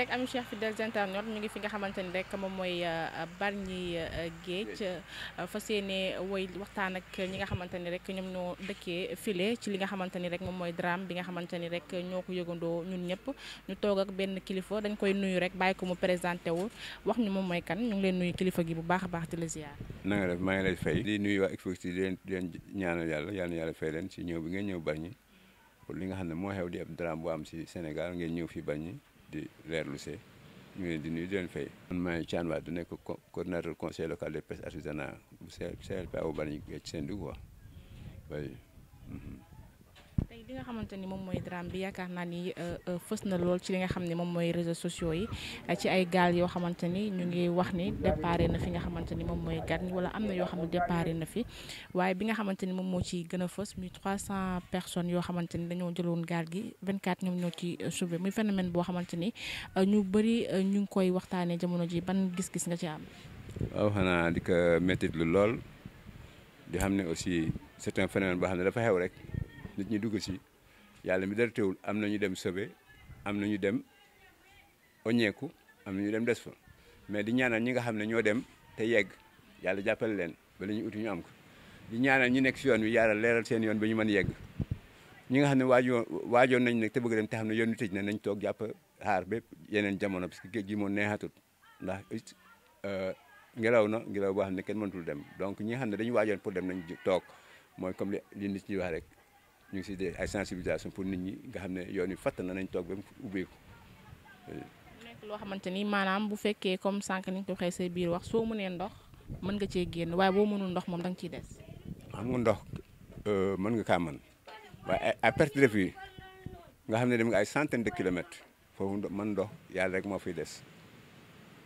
rek ami cheikh fidèles internautes ñu ngi fi nga xamante ni rek moom mooy euh, Bargny euh, Géej euh, fas yéene woy waxtaan ak ñi nga xamante ni rek ñoom ñoo dëkkee file ci li nga xamante ni rek moom mooy drame bi nga xamante ni rek ñoo ko yëgandoo ñun ñëpp ñu toog ak benn kilifa dañ koy nuyu rek bàyyi ko mu présenté wu wax ñu moom mooy kan ñu ngi leen nuyu kilifa gi bu baax a baax di la ziar. na def maa ngi lay fay. di nuyu waa Exposé di leen di leen ñaanal yàlla yàlla yàlla leen ci ñëw bi ngeen ñëw Bargny pour li nga xam ne moo xew di ab drame bu am si Sénégal ngeen ñëw fi Bargny di leer lu se ñu ngi leen di nuyu di leen fay. man maay Thiane Wade nekk coordinateur conseil local des pêches artisanales bu CLPA bu Bargny Géej Sendou quoi oui. Mhm. li nga xamante ni moom mooy drame bi yaakaar naa ni euh, euh, fës na lool ci li nga xam ne moom mooy réseaux sociaux yi euh, ci ay gaal yoo xamante ni ñu ngi wax ni déparé na fi nga xamante ni moom mooy gan wala am na yoo xam ne déparé na fi waaye bi nga xamante ni moom moo ci gën a fës muy cent personnes yoo xamante ni dañoo jëloon gaal gi 24 ñoom ñoo ci sauvé muy phénomène boo xamante ni ñu bëri ñu ngi koy waxtaanee jamono ji ban gis-gis nga ci am. waaw xanaa di lu lool di xam ne aussi c'est un phénomène boo xam ne rek nit ñi dugg si. yàlla mi dara teewul am na ñu dem sauvé am na ñu dem oñeeku am na ñu dem des fa mais di ñaanal ñi nga xam ne ñoo dem te yegg yàlla jàppale leen ba la ñu uti ñu am ko di ñaanal ñi nekk si yoon bi yàlla leeral seen yoon ba ñu mën yegg ñi nga xam ne waajoo waajoon nañ nag te bëgg dem te xam na yoon wi tëj na nañ toog jàpp xaar bépp yeneen jamono parce que géej gi moom neexatul ndax euh, ngelaw na ngelaw boo xam ne kenn mënatul dem donc ñi xam ne dañu waajoon pour dem nañ toog mooy comme li nit ñi rek ñu ngi si dee ay sensibilisation pour nit ñi nga xam ne yoon wi fàttali na nañ toog ba mu ubbeeku. mu nekk loo xamante ni maanaam bu fekkee comme sànq ni ko waxee say biir wax soo mënee ndox mën nga cee génn waaye boo mënul ndox moom da nga des. xam nga ndox euh, mën nga kaa mën waaye à perte de vue nga xam ne dem nga ay centaine de kilomètres foofu man ndox yàlla rek moo fiy des.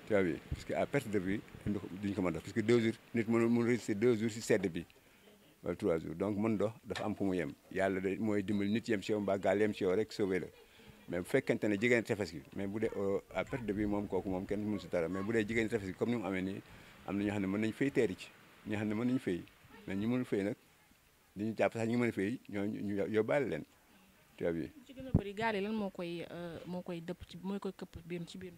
tu vois bi parce que à perte de vue duñ ko mën a parce que deux jours nit mënul mënul résister deux jours si sedd bi. wala trois jours donc mën dox dafa am fu mu yem yàlla de mooy dimbali nit yem si yow mbaa gaal yem si yow rek sauvé la mais bu fekkente ne jigéen tefes gi mais bu dee euh, à perte de moom kooku moom kenn mënu si dara mais bu dee jigéen tefes gi comme ni mu amee nii am na ñoo xam ne ne mën nañu fay mais ñu mënul fay nag li ñu jàpp sax ñu mën a fay ñooñu ñu yóbbaale leen tu as vu. gaal yi lan moo koy euh, moo koy dëpp ci moo koy këpp biir ci biir.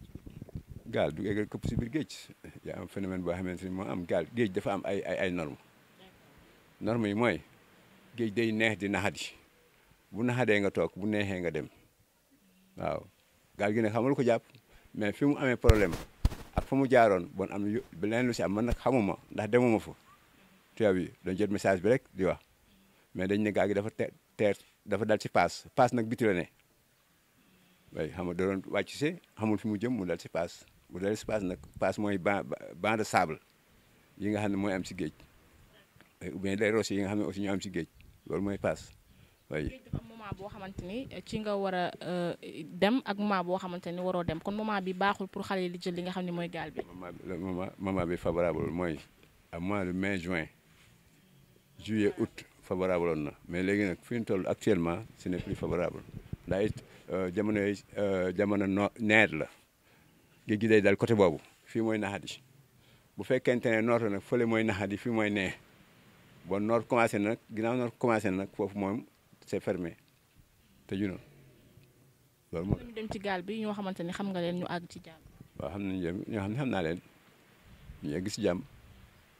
gaal du egg këpp si biir géej yaa am phénomène boo xamante ni moo am gaal géej dafa am ay ay ay normes norme yi mooy géej day neex di naxadi bu naxadee nga toog bu neexee nga dem waaw gaal gi ne xamul ko jàpp mais fi mu amee problème ak fa mu jaaroon bon am na leneen lu si am man nag xamuma ndax demuma fa tubaab yi dañ jot message bi rek di wax mais dañ ne gaal gi dafa te teer dafa dal si paas paas nag biti ne way xam nga da wàcc si xamul fi mu jëm mu dal si paas bu dal si paas nag paas mooy ban ban de sable yi nga xam ne mooy am si géej Eh, ou bien day roose nga xam ne aussi ñoo am si géej loolu mooy paas waaye. boo xamante ni eh, ci nga war a eh, dem ak moment boo xamante ni waroo dem kon moment bi baaxul pour xale li di jël li nga xam ne mooy gaal bi. moment moment bi favorable mooy à mois de mai juin juillet août favorable na mais léegi nag fi ñu toll actuellement ce n'est plus favorable ndax it euh, jamono yi euh, jamono no nawet la géej gi day dal côté boobu fii mooy naxaat bu fekkente ne noor la nag fële mooy naxaat yi fii mooy nee. bon noor commencé nag ginnaaw noor commencé nag foofu moom c'est fermé tëju na loolu moo. dem ci gaal bi ñoo xamante ni xam nga leen ñu àgg ci jàmm. waaw xam nañu ñoo xam ne xam naa leen ñu àgg si jàmm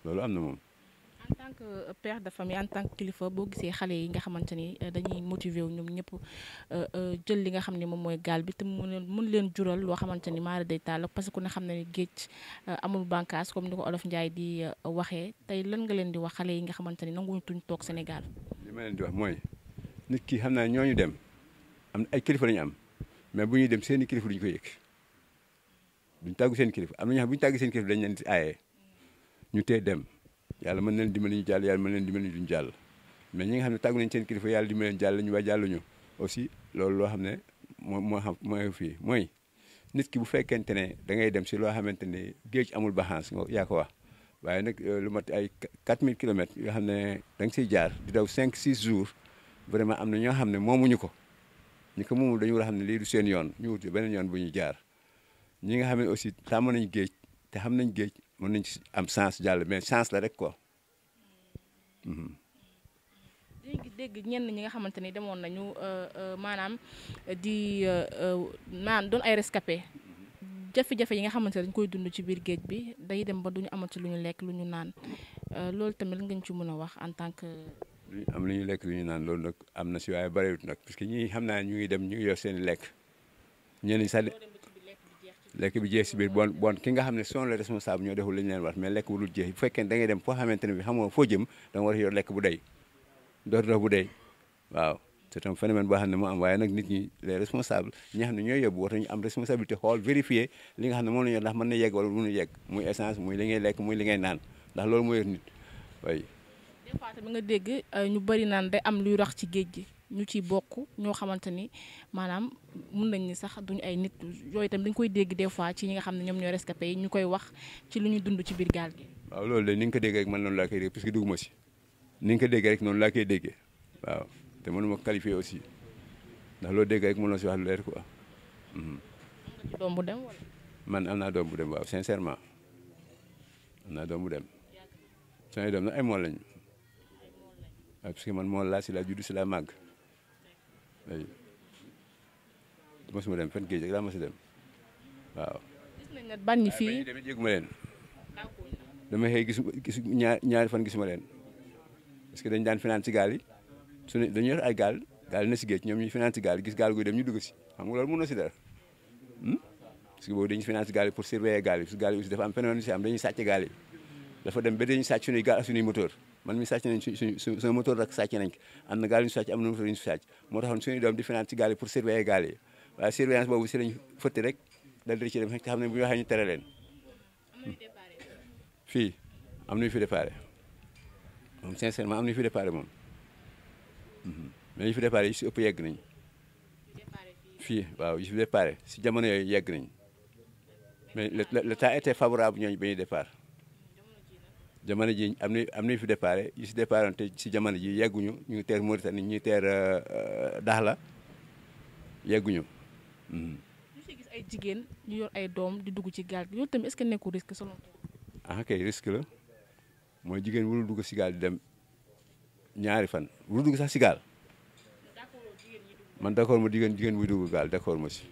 loolu am na moom. en tant que euh, per de famille en tant que kilifa boo gisee xale yi nga xamante ni euh, dañuy motiver wu ñoom ñëpp euh, jël li nga xam ne moom mooy gaal bi te mun leen jural loo xamante ni maara day taal parce que ku ne xam na ni géej amul bànkaas comme ni ko olof Ndiaye di waxee tey lan nga wax xale yi nga xamante ni nanguñu tuñ toog Sénégal. ma di wax mooy nit ki xam naa ñooñu dem am na ay kilifa lañu am mais bu ñuy dem seen i kilifa duñu ko yëg duñ tàggu seen kilifa am na ñoo xam bu ñu tàggu seen kilifa dañ leen di aaye ñu tee dem. yàlla mën leen dimbali ñu jàll yàlla mën leen dimbali duñ jàll mais ñi nga xam ne tàggu nañ seen kilifa yàlla dimbali leen jàll ñu ba jàlluñu aussi loolu loo xam ne moo moo xam fii mooy nit ki bu fekkente ne da ngay dem si loo xamante ne géej amul baxance yaa ko waaye nag euh, lu mat ay 4000 kilomètres yoo xam ne da nga siy jaar di daw 5 6 jours vraiment am na ñoo xam ne moomuñu ko ñi ko moomul dañu war a xam ne lii du seen yoon ñu wut beneen yoon bu ñuy jaar ñi nga xam ne aussi tàmm nañ géej te xam nañ géej mën nañ ci am chance jàll mais chance la rek ko mhm. dégg ñenn ñi nga xamante ni demoon nañu euh, euh, maanaam di euh, naan doon ay rescapé jafe-jafe yi nga xamante nañ koy dund ci biir géej bi day dem ba duñu amati lu ñu lekk lu ñu naan loolu tamit nga ñu ci mën a wax en tant que. duñu am lu ñu lekk lu ñu naan loolu nag am na si waaye bariwut nag parce que ñuy xam naa ñu ngi dem ñu ngi seen i lekk ñenn sax lekk bi jeex si biir bon bon ki nga xam ne sont les responsables ñoo deful li ñu leen war mais lekk bu dul jeex bu fekkee da dem foo xamante bi xam a yor lekk bu dey door dox bu dey waaw c'est boo xam ne moo am waaye nag nit ñi les responsables ñi nga xam ne ñooy yóbbu war am responsabilité xool vérifier li nga xam ne moom la ñu ndax mën na yegg wala mënu yegg muy essence muy li ngay lekk muy li ngay naan ndax loolu moo yor nit waaye. des fois nga dégg euh, ñu bëri naan day am luy rax ci géej gi. ñu ci bokk ñoo xamante ni maanaam mun nañ ni sax duñu ay nit yooyu itam dañ koy dégg des fois ci ñi nga xam ne ñoom ñoo rescapé yi ñu koy wax ci lu ñu dund ci biir gaal gi. waaw loolu de ni nga ko déggee rek man noonu laa koy déggee parce que dugguma ni nga ko déggee rek noonu laa koy déggee waaw te mënuma qualifier aussi ndax loo dégg rek mën na si wax lu leer quoi. Mhm. bu dem wala. man am naa doom bu dem waaw sincèrement am naa doom bu dem. samay doom nag ay mool lañu. waaw parce que man mool laa si laa judd si laa màgg. mosuma dem fenn géej rek laa mos a dem waaw. ban ñi fii waaye ba yëguma leen. dama xëy gis gis ñaar ñaari fan gisuma leen parce que dañ daan finance ci gaal yi su ne dañu yor ay gaal gaal yi na si géej ñoom ñu finance ci gaal gis gaal guy dem ñu dugg si xam nga loolu mën na si dara hmm? parce que boobu dañuy finance gaal yi pour surveiller gaal yi parce que gaal yi dafa am phénomène si am dañuy sàcc gaal yi dafa dem ba dañuy sàcc suñuy gaal ak suñuy man mi sàcc nañ suñ suñ su sama moteur rek sàcc nañ am na gaal yu ñu sàcc am na moteur yu ñu sàcc moo taxoon suñu doom di finance ci gaal yi pour surveiller gaal yi waaye surveillance si lañ fëtti rek dal di ci dem rek te ne bu ñu waxee ñu am nañu fi déparé moom sincèrement am nañu fi déparé moom mhm. mais yu fi déparé si ëpp yegg nañ fii waaw yu si jamono yooyu yegg nañ mais le temps était favorable ñooñ ba ñuy départ jamono ji am na am nañ fi départ yu si départ te si jamono ji yegguñu ñu ngi teer Mauritanie ñu ngi teer euh, euh, Daxla yegguñu. Hmm. ñu jigéen ñu yor ay doom di dugg ci gaal gi loolu tamit est que nekkul risque selon ah kay la mooy jigéen wulu dugg si di dem ñaari fan wulu dugg sax si gaal man d'accord ma jigéen jigéen buy dugg gaal d'accord ma si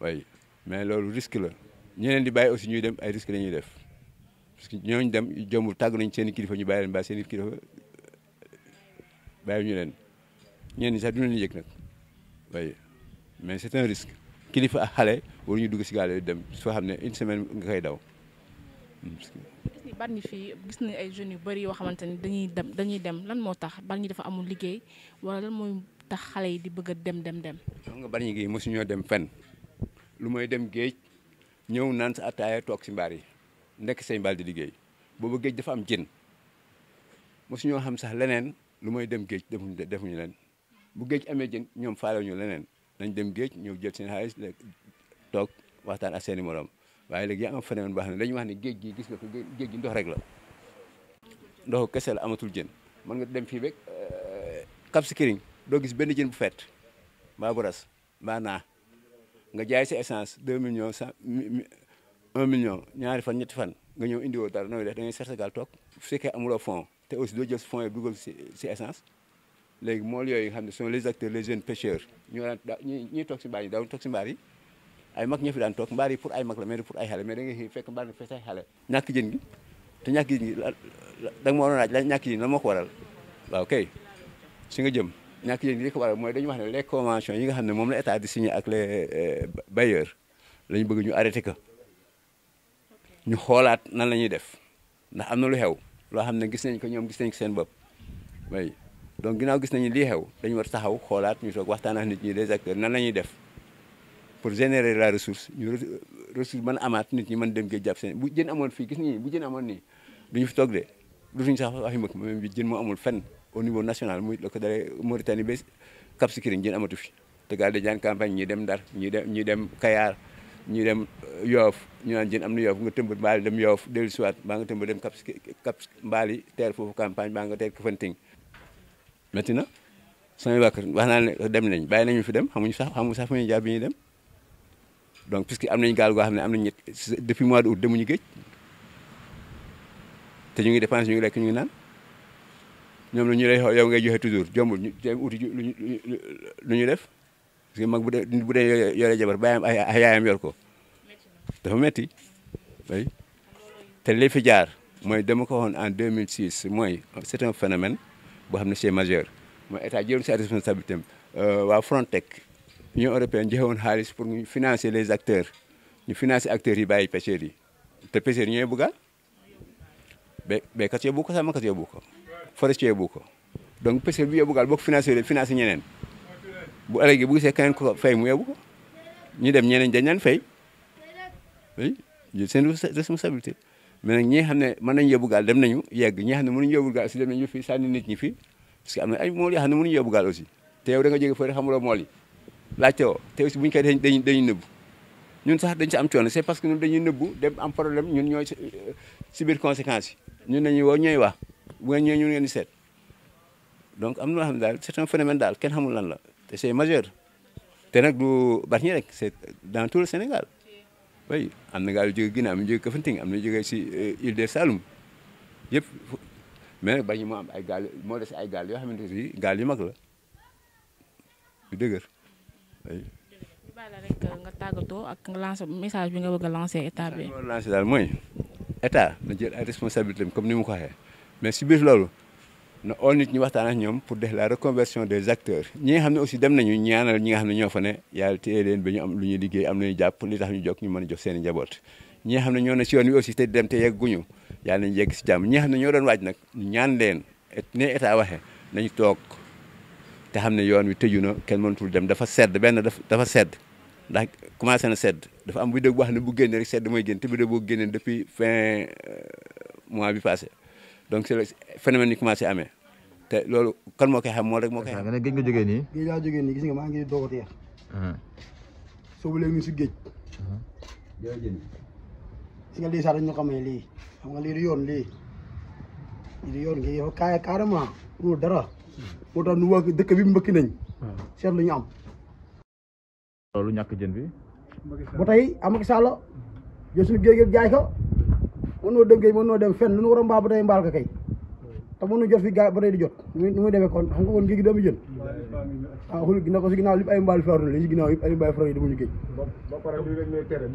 waaye mais loolu risque la ñeneen di bàyyi aussi ñuy dem ay risque la ñuy def. parce que ñooñu dem jomul tàgg nañ seen kilifa ñu bàyyi leen bàyyi seen i kilifa bàyyi ñu leen ñenn ñi sax du leen yëg nag mais c'est un risque kilifa ak xale ñu dugg si gaal yooyu dem soo xam ne une semaine nga koy daw. gis ni bar ñi fii gis nañ ay jeunes yu bari yoo xamante ni dañuy dem dañuy dem lan moo tax bar ñi dafa amul liggéey wala lan mooy tax xale yi di bëgg a dem dem dem. xam nga bar ñi gi mosuñoo dem fen lu mooy dem géej ñëw naan sa attaaya toog nekk sëñ Bal di liggéey booba géej dafa am jën mosu ñoo xam sax leneen lu mooy dem géej defuñu defuñu leen bu géej amee jën ñoom ñu leneen nañ dem géej ñëw jël seen xaalis toog waxtaan ak seen i morom waaye léegi yaa am phénomène boo xam ne dañuy wax ne géej gi gis nga ko géej gi ndox rek la ndoxu kese la amatul jën mën nga dem fii rek euh, Cap Skirring doo gis benn jën bu fet mbaa bu ras mbaa naa nga jaay sa essence deux millions cent un million ñaari fan ñetti fan nga ñëw indiwoo dara nooy def da ngay chercher gaal toog bu fekkee amuloo fond te aussi doo jël fonds yi si si essence léegi mool yooyu nga xam ne sont les acteurs les jeunes pêcheurs ñoo daan daa ñuy toog si mbaar yi daawuñu toog si mbaar ay mag ñoo fi daan toog mbaar yi pour ay mag la mais pour ay xale mais da ngay fekk mbaar nga fees ay xale ñàkk jën gi te ñàkk jën gi da nga ma la ñàkk jën lan moo ko waral waaw kay si nga jëm ñàkk jën gi li mooy dañu wax ne les yi nga xam ne moom la état di signé ak les euh, bailleurs bëgg ñu arrêté ko ñu xoolaat nan la ñuy def ndax am na lu xew loo xam ne gis nañ ko ñoom gis nañ ko seen bopp way donc ginnaaw gis nañu lii xew dañu war taxaw xoolaat ñu toog waxtaan nit ñi des acteurs nan la ñuy def pour générer la ressource ñu ressource mën amaat nit ñi mën dem géej jàpp seen bu jën amoon fii gis nañu bu jën amoon nii duñu fi toog de dutuñu sax waxi mbëkk même bi jën moo amul fen au niveau national mu la ko daree Mauritanie ba Cap Skirring jën amatu fi te gaal di jaan campagne ñi dem Ndar ñu dem ñi dem Kayar ñu dem uh, yoof ñu naan jën am na yoof nga tëmb mbaali dem yoof dellu siwaat baa nga tëmb dem kap kap mbaali teer foofu campagne baa nga teer Kafountine métti na samay wàkk wax naa ne dem nañ bàyyi nañu fi dem xamuñu sax xamuñu sax fu bi ñuy dem donc puisque am nañ gaal goo xam ne am nañ ñett depuis mois de août ñu géej te ñu ngi dépense ñu ngi lekk ñu ngi naan ñoom la ñu lay yow ngay joxe toujours jombul ñu uti lu ñu def parce que mag bu dee bu dee yore jabar baayam ay yaayam yor ko dafa metti oui te li fi jaar mooy dama ko waxoon en 2006 mooy c'est un phénomène boo xam ne c'est majeur mooy état jëloon sa responsabilité euh, waa Frontex Union européenne joxe woon xaalis pour ñu financer les acteurs ñu financer acteurs yi bàyyi pêcheurs yi te pêcheurs yi ñooy buggaal ba béykat yóbbu ko sàmmkat yóbbu ko forestier yóbbu ko donc pêcheur bi yóbbu gaal boo ko financer finance ñeneen. bu ëllëgee bu gisee keneen ko fay mu yóbbu ko ñu dem ñeneen dañ leen fay oui jël seen responsabilité mais nag ñi nga xam ne mën nañu yóbbu gaal dem nañu yegg ñi nga xam ne mënuñu yóbbu gaal aussi dem nañu fi sànni nit ñi fii parce que am ay mool yoo xam ne mënuñu yóbbu gaal aussi te yow da nga jóge fële xamuloo mool te aussi bu ñu koy dañuy dañuy nëbbu ñun sax dañ si am coono c'est parce que ñun dañuy nëbbu dem am problème ñun ñooy subir conséquences yi ñun nañuy woo ñooy wax bu ngeen ñëwee ñun ngeen di seet donc am na loo xam ne daal c'est un daal kenn xamul lan la et c'est majeur te nag du Bargny rek dans tout le Sénégal oui am na gaal yu jóge am na ka Kafountine am na jóge si euh, Île des Saloum yëpp mais nag Bargny moo am ay gaal moo des ay gaal yoo xamante ni gaal yu mag la yu dëgër oui. bala rek euh, nga tàggatoo ak nga lancer message bi nga bëgg a lancer état daal mooy état na jël ay responsabilités comme ni mu ko waxee mais si biir loolu. na ool nit ñi waxtaan ak ñoom pour def la reconversion des acteurs ñi nga xam ne aussi dem nañu xam ne ñoo fa ne yàlla téye leen ba ñu ñuy liggéey am nañu jàpp li tax ñu jóg ñu mën a jox seen i njaboot ñi nga xam ne ñoo ne si yoon wi aussi te dem te yegguñu yàlla nañu yegg si jàmm ñi ne ñoo doon waaj nag ñaan leen ne état waxee nañu toog te xam ne yoon wi tëju na kenn mënatul dem dafa sedd benn dafa sedd ndax commencé na sedd dafa am vidéo boo xam ne bu génnee rek sedd mooy génn te vidéo boo génnee depuis fin euh, mois bi passé donc c'est le commencé amee te loolu kan moo koy xam moom rek moo koy xam. nga géej nga jógee nii. géej laa jógee nii gis nga maa ngi doog a teex. Uh-huh. soobu léegi ñu si géej. Uh-huh. gis nga xam nga lii di yoon lii di yoon kii yow kaay carrément dara moo tax nu dëkk bi mbëkki nañ. Uh-huh. seet lu ñu am. loolu ñàkk jën bi. ba tey Amathou Sall jël suñu géej gi jaay ko mën noo dem kay mën noo dem fen lu nu war a mbaal ba tey mbaal ko kay. te mënu jot fi gaa ba tey di jot nu muy defee kon xam nga kon géej gi doomu jën ah xul gi na ko si ginnaaw yëpp ay mbaal fer la si ginnaaw yëpp ay mbaal fer yi dama ñu géej ba pare lii rek lay tere ah,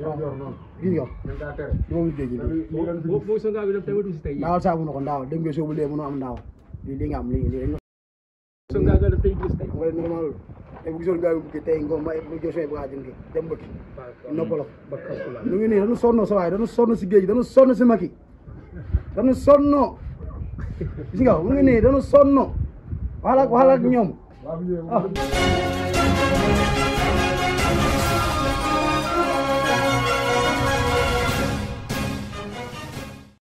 gis nga moom géej gi daaw saabu na ko ndaaw dem nga soobu lee mënoo am ndaaw lii li nga am lii lii songa ga def tey gis tey mooy normal tey bu gisoon gaa yi bëgg tey nga may bu josee bu xaajin gi dem bëgg noppaloo nu ngi nii dañu sonno sa waay dañu sonno si géej dañu sonno si Macky dañu sonno gis nga mu ngi nii dañu sonn waxal ak waxal ak ñoom ah.